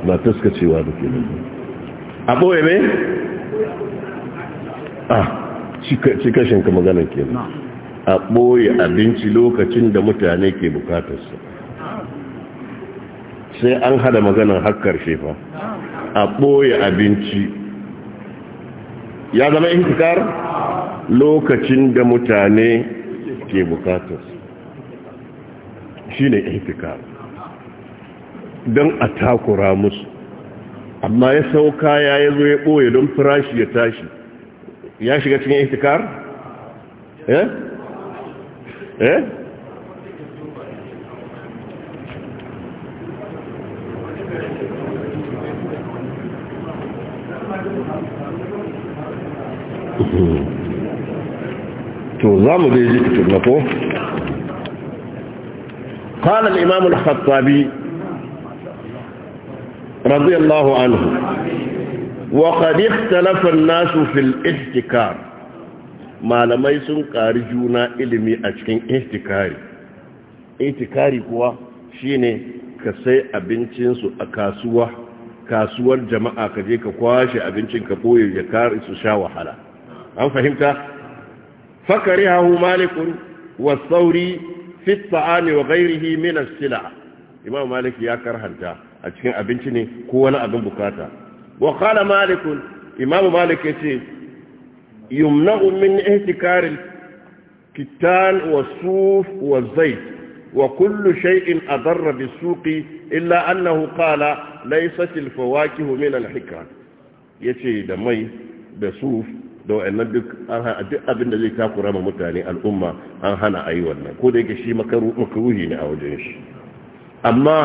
ba taskacewa ba ke nan a ɓoye ne? a ah, ka maganar ke nan a ɓoye abinci lokacin da mutane ke bukatarsa sai an hada maganar hakkar shefa a ɓoye abinci ya zama intikar lokacin da mutane ke bukatarsa shine ihtikar don a takura musu amma ya sauka ya yi zo ya ɓoye don firashi ya tashi ya shiga cikin ihtikar? eh? eh? Hmm. to za mu zai ji cikin na ko? قال الإمام الخطابي رضي الله عنه وقد اختلف الناس في الاحتكار malamai sun ƙari juna ilimi a cikin ihtikari ihtikari kuwa shine ka sai abincinsu a kasuwar jama'a ka je ka kwashe abincin ka boye ya kare su sha wahala an fahimta fakari في الطعام وغيره من السلع إمام مالك يا كرهنتا أتكين أبنتني كونا أبن بكاتا وقال مالك إمام مالك يمنع من اهتكار الكتان والصوف والزيت وكل شيء أضر بالسوق إلا أنه قال ليست الفواكه من الحكرة يتي دمي بصوف da wa'annan duk duk abin da zai takura ma mutane al'umma an hana a yi wannan ko da yake shi makaruhi ne a wajen shi amma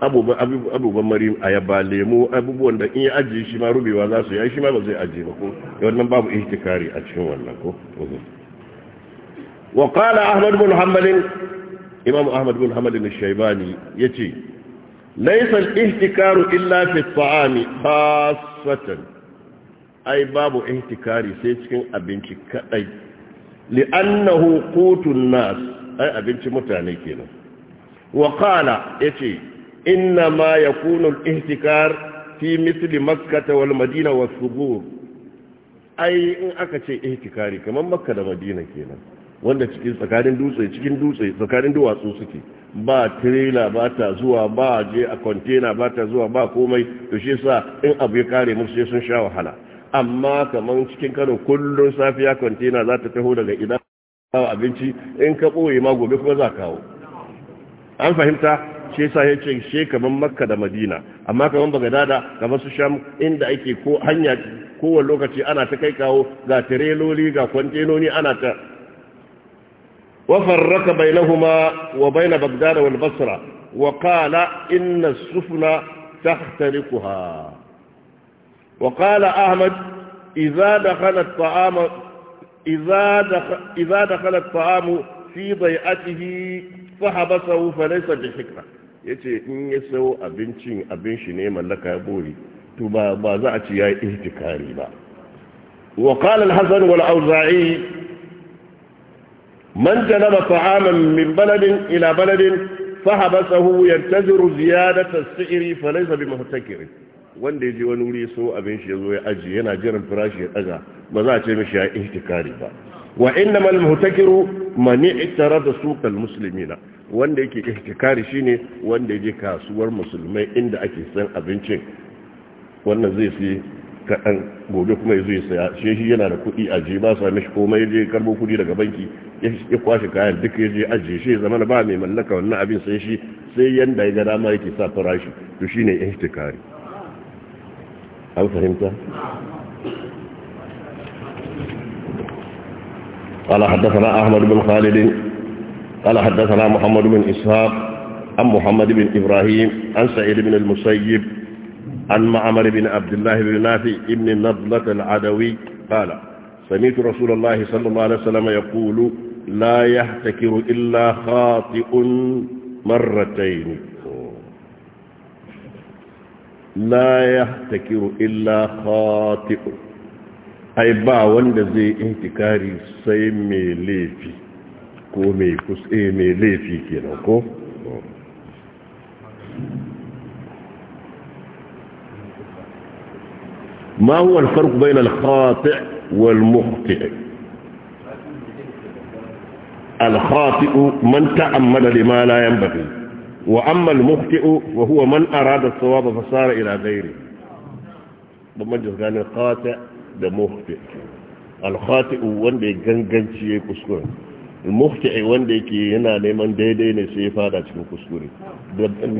abubuwan mari a yaba lemu. abubuwan da in yi ajiye shi ma rubewa za su yi shi ma ba zai ajiye ba ko wannan babu ihtikari a cikin wannan ko mhm. wa qala ahmad bin hanbal imam ahmad bin hanbal al-shaybani yace laysa al-ihtikaru illa fi at-ta'ami khassatan ai babu ihtikari sai cikin abinci kadai li'annahu qutun nas ai abinci mutane kenan wa qala yace inna ma yakunu al-ihtikar fi mithli makkah wal madina was subur ai in aka ce ihtikari kamar makka da madina kenan wanda cikin tsakanin dutse cikin dutse tsakanin duwatsu suke ba trailer ba ta zuwa ba je a container ba ta zuwa ba komai to shi yasa in abu ya kare musu sai sun sha wahala amma kamar cikin kano kullum safiya kwantena za ta taho daga idan kawo abinci in ka ɓoye ma gobe kuma za kawo an fahimta ce sa ya ce she kamar makka da madina amma kamar bagadada kamar su sham inda ake ko hanya kowar lokaci ana ta kai kawo ga tireloli ga kwantenoni ana ta وفرق بينهما وبين بغداد والبصرة وقال إن السفن تخترقها وقال أحمد إذا دخل الطعام إذا دخل, إذا دخل الطعام في ضيئته فحبسه فليس بحكمة yace in ya sayo abincin abin shi ne mallaka bori to ba ba za a ci yayi ihtikari ba wa qala al-hasan wal auza'i man janaba ta'aman min baladin ila baladin fahabasahu yantaziru ziyadata as-si'ri falaysa bi muhtakirin wanda ya je wani wuri so abin shi ya zo ya ajiye yana jiran firashi ya daga ba za a ce mishi ya ihtikari ba wa innamal muhtakiru man i'tarada suqal muslimina wanda yake ihtikari shine wanda ya je kasuwar musulmai inda ake san abincin wannan zai sai kaɗan gobe kuma ya zo ya saya shi shi yana da kuɗi a je ba sa mishi komai je karbo kuɗi daga banki ya kwashe kayan duk ya je ajiye shi zama ba mai mallaka wannan abin sai shi sai yanda ya ga dama yake sa farashi to shine ihtikari هل فهمت قال حدثنا أحمد بن خالد قال حدثنا محمد بن إسحاق عن محمد بن إبراهيم عن سعيد بن المسيب عن معمر بن عبد الله بن نافع بن نضلة العدوي قال سمعت رسول الله صلى الله عليه وسلم يقول لا يحتكر إلا خاطئ مرتين لا يحتكر إلا خاطئ أي با وندزي انتكاري سيمي ليفي كومي كس إيمي ليفي كينوكو ما هو الفرق بين الخاطئ والمخطئ الخاطئ من تأمل لما لا ينبغي وأما المخطئ وهو من أراد الصواب فصار إلى غيره بمجلس كان القاطع ده مخطئ الخاطئ وانده يغنغنشي كسكور المخطئ wanda yake yana neman daidai ني سي فادا fada cikin kuskure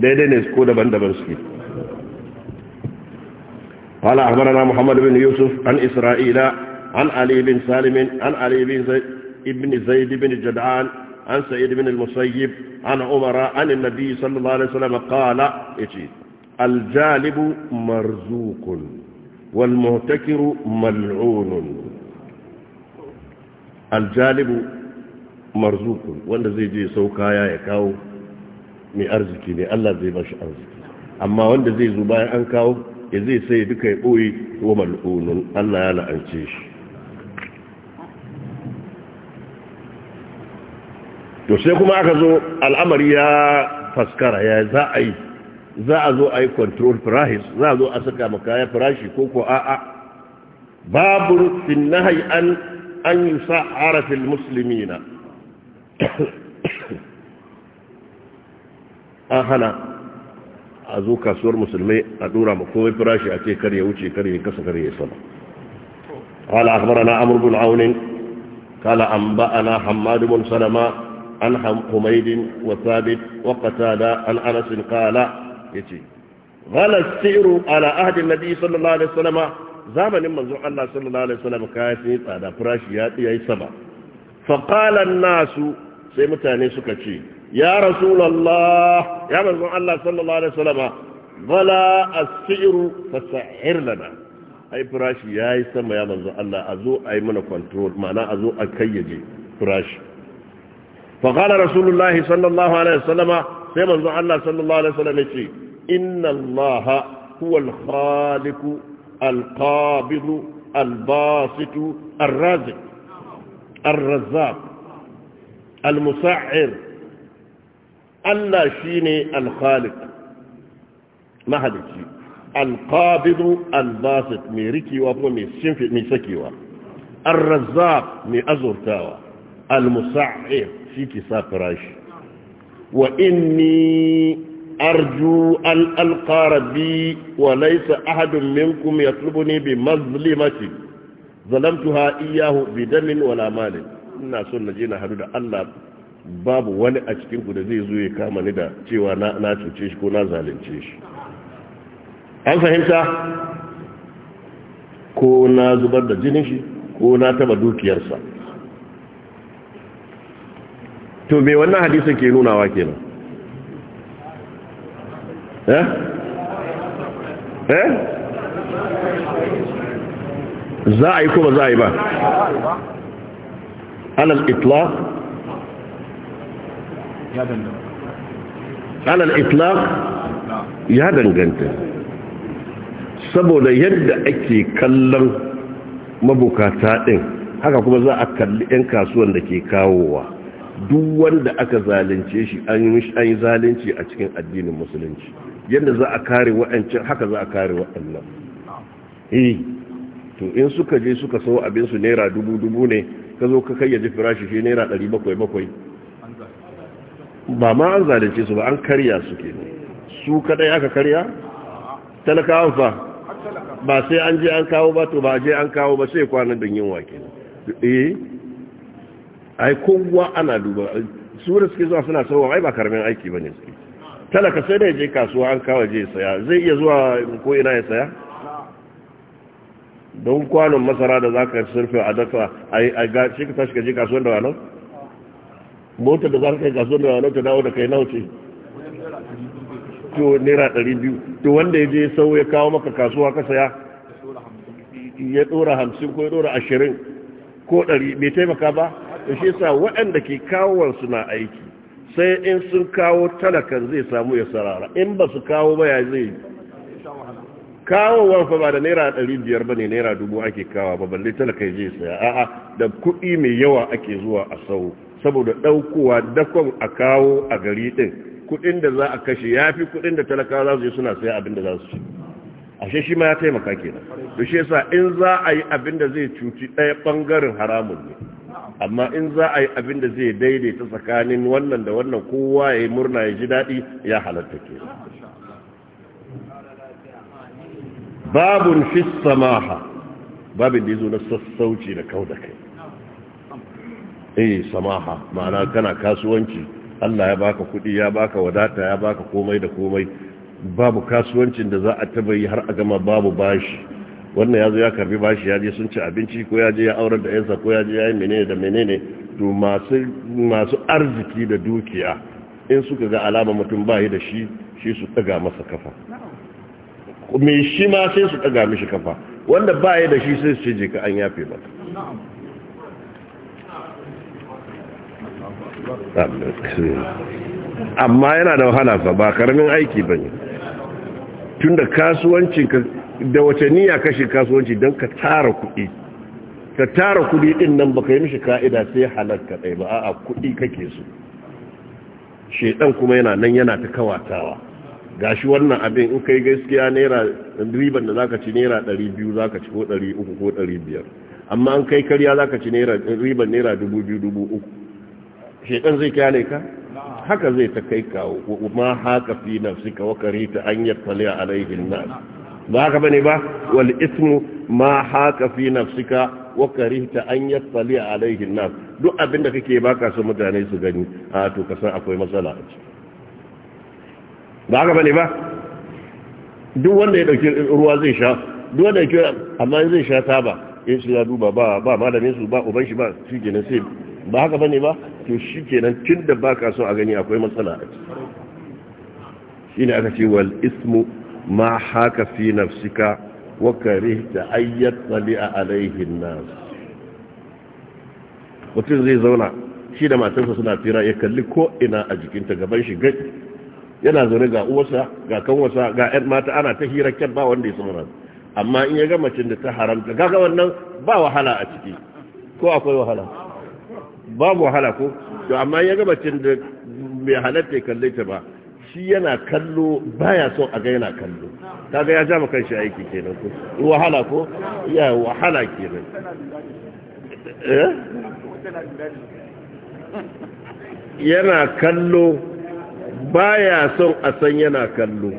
daidai ني سكو دبان دبان سكي قال أخبرنا محمد بن يوسف عن إسرائيل عن علي بن سالم عن علي بن زيد بن جدعان عن سيد بن المسيب عن عمر عن النبي صلى الله عليه وسلم قال الجالب مرزوق والمهتكر ملعون الجالب مرزوق wanda zai je sau kaya ya kawo mai arziki ne Allah zai bashi arziki amma wanda zai zo baya an kawo ya zai sai duka ya ɓoye wa mal'unun Allah ya la'ance shi to sai kuma aka zo al'amari ya faskara ya za a yi za a zo a yi control price za a zo a saka maka ya farashi ko ko a'a babu rufin nahi an an yi sa'ara fil muslimina an hana a zo kasuwar musulmai a dora ma komai farashi a ce kar ya wuce kar ya kasa kar ya sama قال أخبرنا عمرو بن عون قال أنبأنا حماد بن سلمة عن حميد وثابت وقتادة عن أنس قال يتي غلى السعر على عهد النبي صلى الله عليه وسلم زمن منذ الله صلى الله عليه وسلم كاسي على فراشيات يا سبع فقال الناس sai mutane suka ce ya rasulallah ya manzon Allah sallallahu alaihi wasallama bala as-si'ru fasahir lana ai firashi yayi sama ya manzon Allah a zo ai mana control ma'ana a zo a kayyaje firashi فقال رسول الله صلى الله عليه وسلم سيما الله صلى الله عليه وسلم يقول إن الله هو الخالق القابض الباسط الرازق الرزاق المسعر الله شيني الخالق ما هذا الشيء القابض الباسط ميركي وابو ميسكي الرزاق مي أزرتاوى المسعر shi ki sa firashi wa inni arju an alqarabi wa laysa ahadun minkum yatlubuni bi mazlimati zalamtuha iyahu bi damin wala malin ina son naje na hadu da Allah babu wani a cikin ku da zai zo ya kama ni da cewa na na cuce shi ko na zalunce shi an fahimta ko na zubar da jinin shi ko na taba dukiyarsa to me wannan hadisin ke nunawa kenan eh eh za a yi ko za a yi ba alal itlaq alal itlaq ya danganta saboda yadda ake kallon mabukata ɗin, haka kuma za a kalli 'yan kasuwan da ke kawowa duk wanda aka zalunce shi an yi zalunci a cikin addinin musulunci yadda za a kare wa'ancin haka za a kare waɗannan E, to in suka je suka sau abinsu naira dubu dubu ne ka zo ka kayyaje firashi shi naira 700, bakwai bakwai ba ma an zalunce su ba an karya su ke ne su kadai aka karya talakawan fa ba sai an je an kawo ba to ba je an kawo ba sai kwanan don yin wake ne ai kowa ana duba sura suke zuwa suna sauwa ai ba karamin aiki bane suke talaka sai da je kasuwa an kawo je saya zai iya zuwa ko ina ya saya don kwanon masara da zaka surfe a dafa a ga shi ka tashi ka je kasuwar da wano? motar da za ka kai kasuwar da wano ta dawo da kai na wuce to naira ɗari biyu to wanda ya je sau ya kawo maka kasuwa ka saya ya ɗora hamsin ko ya ɗora ashirin ko ɗari bai taimaka ba da shi sa waɗanda ke kawo suna aiki sai in sun kawo talakan zai samu ya sarara in ba su kawo ba ya zai kawowar fa ba da naira ɗari biyar ba ne naira dubu ake kawo ba balle talakai zai saya a'a da kuɗi mai yawa ake zuwa a sau saboda ɗaukowa dakon a kawo a gari ɗin kuɗin da za a kashe ya fi kuɗin da talakawa za su yi suna saya abin da za su ci ashe shi ma ya taimaka kenan to shi yasa in za a yi abin da zai cuci ɗaya ɓangaren haramun ne amma in za a yi abin da zai daidaita tsakanin wannan da wannan kowa ya yi murna ya ji daɗi ya halatta ke babun fi samaha babin da ya zo na sassauci da kau da kai eh samaha ma'ana kana kasuwanci Allah ya baka kuɗi ya baka wadata ya baka komai da komai babu kasuwancin da za a taba yi har a gama babu bashi wannan ya zo ya karbi bashi ya je sun ci abinci ko ya je ya aurar da yansa ko ya je ya yi menene da menene to masu arziki da dukiya in suka ga alama mutum ba da shi shi su ɗaga masa kafa Me shi ma sai su ɗaga mishi kafa wanda ba da shi sai su ce ka an yafe ba. amma yana da wahala fa ba karamin aiki ba ne tun da kasuwancinka da wace niyya kashe kasuwanci don ka tara kuɗi ka tara kuɗi ɗin nan ba ka yi mishi ka'ida sai halar ka ɗai ba a kuɗi kake so shaidan kuma yana nan yana ta kawatawa Ga shi wannan abin in kai gaskiya naira riban da zaka ci naira 200 zaka ci ko 300 ko 500 amma an kai za zaka ci naira riban naira dubu uku. shedan zai kyale ka haka zai ta kai kawo ma haka fi nafsika wa karita an yattali alaihi nas ba haka bane ba wal ismu ma haka fi nafsika wa karihta an yattali alaihi nas duk abinda kake baka so mutane su gani a to ka san akwai matsala a ciki ba haka bane ba duk wanda ya dauki ruwa zai sha duk wanda ya amma zai sha taba in shi ya duba ba ba malamin su ba uban shi ba shi kenan sai ba haka bane ba to shi kenan tunda baka so a gani akwai matsala a ciki shine aka ce wal ismu ma haka fi nafsika wa karihta ayyat tsali'a alaihin nas mutum zai zauna shi da matarsa suna fira ya kalli ko ina a jikinta gaban shi gaji yana zaune ga uwarsa ga kanwarsa ga 'yan mata ana ta hira kyan ba wanda ya saura amma in ya ga macin da ta haramta gaga wannan ba wahala a ciki ko akwai wahala babu wahala ko to amma ya ga macin da mai halatta ya kalle ta ba shi yana kallo baya son a ga yana kallo kaga ya ja kan shi aiki kenan ko wahala ko ya wahala kenan eh? yana kallo baya son a san yana kallo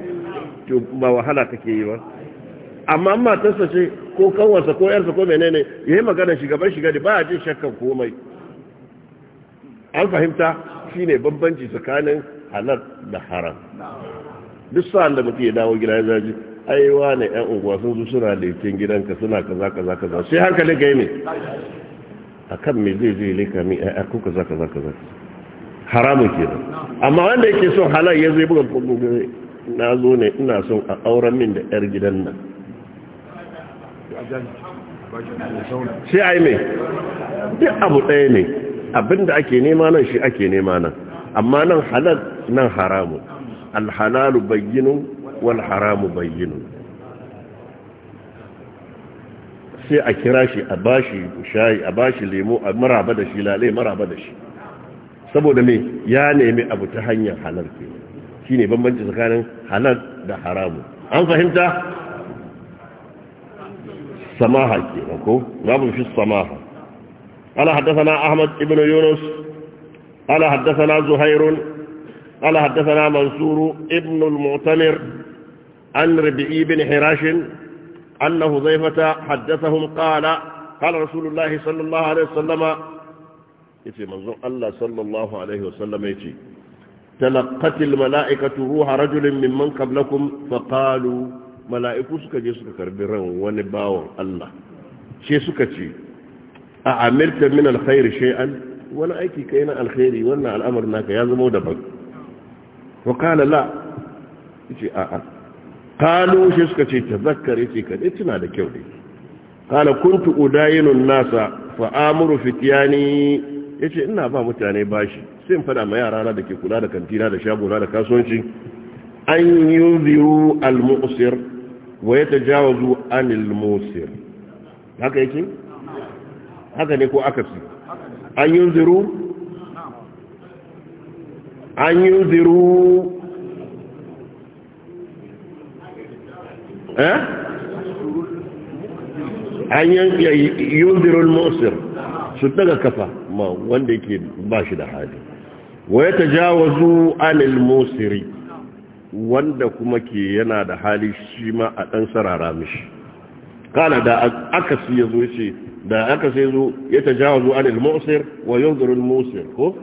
to ba wahala take yi ba amma amma ta sace ko kanwarsa ko yarsa ko menene yayi magana shigaban shiga da baya jin shakkan komai an fahimta shine bambanci tsakanin halal da haram duk sa'an da mutum ya dawo gida ya zaji aiwa ne yan unguwa sun su suna laifin gidanka suna kaza kaza kaza sai hankali ka yi ne a kan me zai zai leka mai a ku kaza kaza kaza haramun ke da amma wanda yake son halal ya zai buga na zo ne ina son a auren min da yar gidan nan sai a yi mai duk abu ɗaya ne abinda ake nema nan shi ake nema nan amma nan halal nan haramu alhalalu bayyinu wal haramu bayyinu sai a kira shi a bashi shayi a bashi lemo a maraba da shi lalai maraba da shi saboda me ya nemi abu ta hanyar halal ke shine bambanci tsakanin halal da haramu an fahimta samaha ke ko babu shi samaha haddasa na Ahmad Ibn Yunus? قال حدثنا زهير قال حدثنا منصور ابن المعتمر عن ربيعي بن حراش أن هزيفة حدثهم قال قال رسول الله صلى الله عليه وسلم يتي منظور الله صلى الله عليه وسلم يتي تلقت الملائكة روح رجل ممن قبلكم فقالوا ملائكو سكا جي سكا كربران ونباو الله شي سكا تي أعملت من الخير شيئا wani aiki kai na alkhairi wannan al'amar naka ya zama daban wa kala la ce a a kalu shi suka ce tazakkar yace ka dai tuna da kyau ne. kala kuntu dayinun nasa Fa'amuru Fitiyani, ya yace ina ba mutane bashi sai in fada ma yara da ke kula da kantina da shagona da kasuwanci an yi ziru al-mu'sir wa yatajawazu anil musir haka yake haka ne ko aka fi? an yunziru an eh an al-musir su daga kafa ma wanda yake ba shi da hali wa ya tajawazu anil musiri wanda kuma ke yana da hali shi ma a dan sarara mishi قال دا أكس يزو يشي دا أكس يزو يتجاوز عن المؤسر وينظر الموسر خف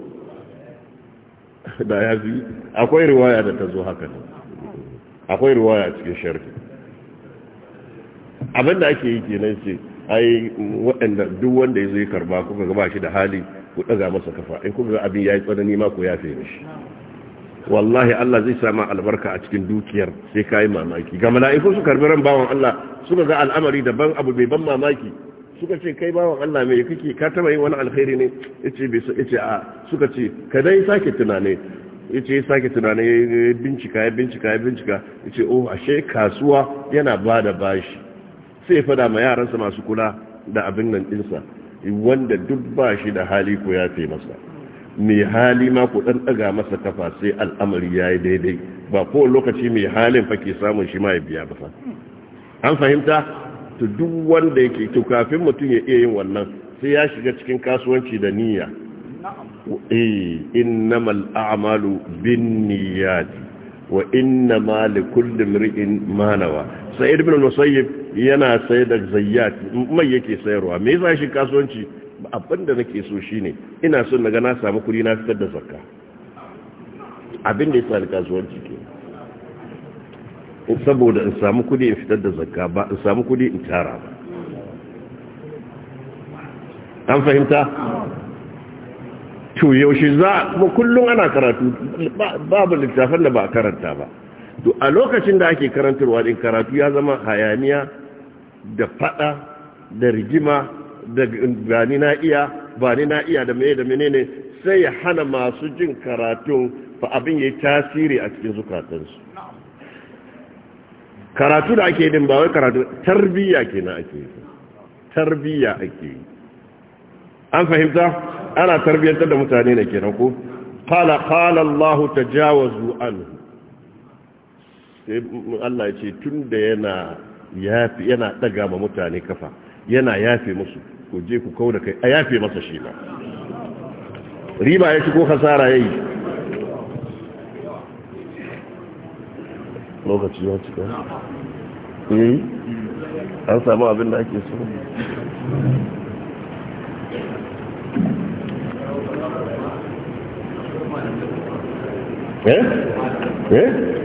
دا يزي أكوي رواية تزو هكذا أكوي رواية تكي شركة abin da ake yi kenan ce ai waɗanda duk wanda ya zo ya karba kuka gaba shi da hali ku ɗaga masa kafa in kuka ga abin ya yi tsanani ma ya yafe shi. wallahi Allah zai sama albarka a cikin dukiyar sai ka yi mamaki ga mala'iku su karbi ran bawan Allah suka ga al'amari daban abu bai ban mamaki suka ce kai bawan Allah mai kake ka taba yin wani alkhairi ne yace bai so yace a suka ce ka dai sake tunane yace sake tunane bincika ya bincika ya bincika yace oh ashe kasuwa yana ba da bashi sai fada ma yaransa masu kula da abin nan dinsa wanda duk bashi da hali ko ya fi masa mai hali ma ku dan daga masa kafa sai al'amari ya yi daidai ba ko lokaci mai halin fa ke samun shi ma ya biya ba fa an fahimta to duk wanda yake to kafin mutum ya iya yin wannan sai ya shiga cikin kasuwanci da niyya eh innamal a'malu binniyati wa inna ma li kulli mri'in ma nawa sa'id ibn al-musayyib yana sayar da zayyat mai yake sayarwa me yasa shi kasuwanci abin da nake so shine ina son naga na samu kuɗi na fitar da zakka abin da yasa da kasuwanci ke saboda in samu kuɗi in fitar da zakka ba in samu kuɗi in tara ba an fahimta to yaushe za kuma kullum ana karatu babu littafin da ba a karanta ba to a lokacin da ake karantarwa din karatu ya zama hayaniya da fada da rigima da na iya ba ni na iya da mene da ne sai ya hana masu jin karatun fa abin ya yi tasiri a cikin zukatansu karatu da ake din ba wai karatu tarbiyya na ake yi tarbiyya ake yi an fahimta ana tarbiyyantar da mutane ne ke ko qala qala Allah tajawazu anhu sai Allah ya ce tun yana yana daga ma mutane kafa yana yafe musu ku je ku kau da kai a yafe masa shi ba riba ya ci ko hasara ya yi lokaci ya cika eh, an samu abin da ake so eh eh